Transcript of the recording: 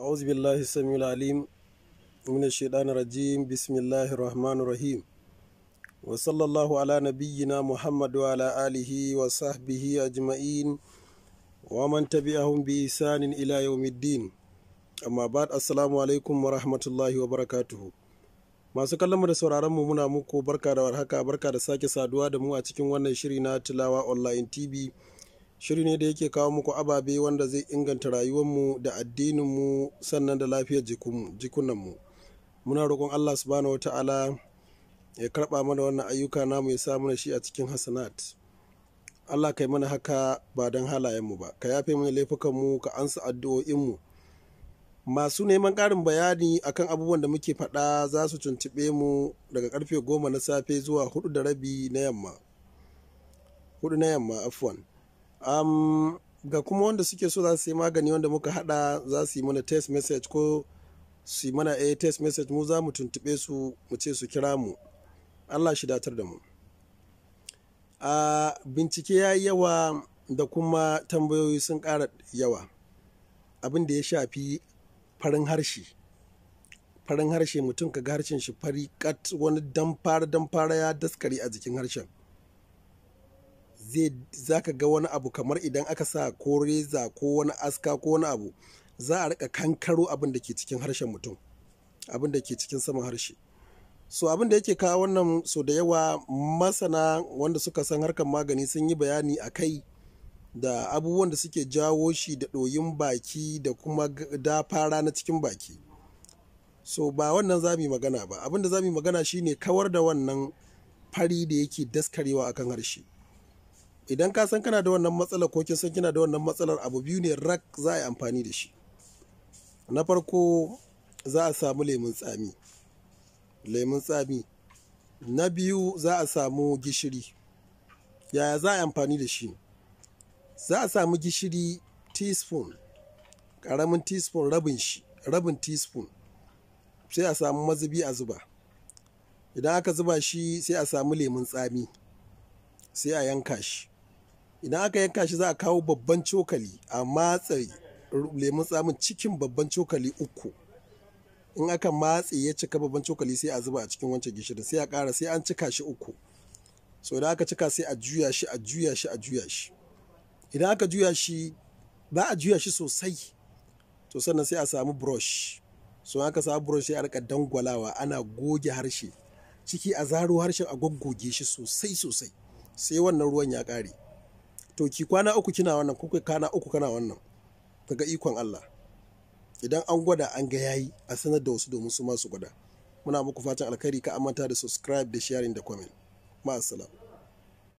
أعوذ بالله السميع العليم من الشيطان الرجيم بسم الله الرحمن الرحيم وصلى الله على نبينا محمد وعلى آله وصحبه أجمعين ومن تبعهم بإحسان إلى يوم الدين rahmatullahi wa masu kallon da sauraron mu muna muku barka da warhaka barka da sake saduwa da mu a cikin wannan shiri na tilawa online tv shiri ne da yake kawo muku ababe wanda zai inganta rayuwar mu da addinin mu sannan da lafiyar jikunan mu muna roƙon allah subhanahu wata'ala ya karɓa mana wannan ayyuka namu ya sa shi a cikin hasanat allah kai mana haka ba don mu ba ka yafe mana laifukan mu ka ansa addu'o'in mu masu neman ƙarin bayani akan abubuwan da muke faɗa za su tuntuɓe mu daga karfe goma na safe zuwa hudu da rabi na yamma hudu na yamma afwan um, ga kuma wanda suke so za su yi magani wanda muka hada za su yi mana text message ko su yi mana a eh, text message mu za mu tuntube su mu ce su kira mu allah shi datar da mu a bincike ya yi yawa da kuma tambayoyi sun ƙara yawa abin da ya shafi farin harshe farin harshe mutum ka ga harshen shi fari kat wani damfara damfara ya daskare a jikin harshen zai zaka ga wani abu kamar idan aka sa ko reza ko wani aska ko wani abu za a rika kankaro abin da ke cikin harshen mutum abin da ke cikin saman harshe so abin da yake kawo wannan so da yawa masana wanda suka san harkar magani sun yi bayani a kai da abubuwan da suke jawo shi da ɗoyin baki da kuma dafara na cikin baki so ba wannan za mu yi magana ba abin da za mu yi magana shine kawar da wannan fari da yake daskarewa akan harshe idan ka san kana da wannan matsalar ko kin san kina da wannan matsalar abu biyu ne rak za a yi amfani da shi na farko za a samu lemun tsami lemun tsami na biyu za a samu gishiri yaya za a yi amfani da shi za a samu gishiri teaspoon karamin teaspoon rabin shi rabin teaspoon sai a samu mazubi a zuba idan aka zuba shi sai a samu lemun tsami sai a yanka shi idan aka yanka shi za a kawo babban cokali a matsa lemun tsamin cikin babban cokali uku in aka matse ya cika babban cokali sai a zuba a cikin wancan gishirin sai a ƙara sai an cika shi uku so idan aka cika sai a juya shi a juya shi a juya shi idan aka juya shi ba a juya shi sosai to sannan sai a samu brush so aka samu brush sai a rika dangwalawa ana goge harshe ciki a zaro harshen a goggoge shi sosai sosai sai wannan ruwan ya ƙare to ki kwana uku kina wannan ko kai kana uku kana wannan kaga ikon Allah idan an gwada an ga yayi a sanar da wasu domin su ma su gwada muna muku fatan alkhairi ka amanta da subscribe da sharing da comment ma'assalam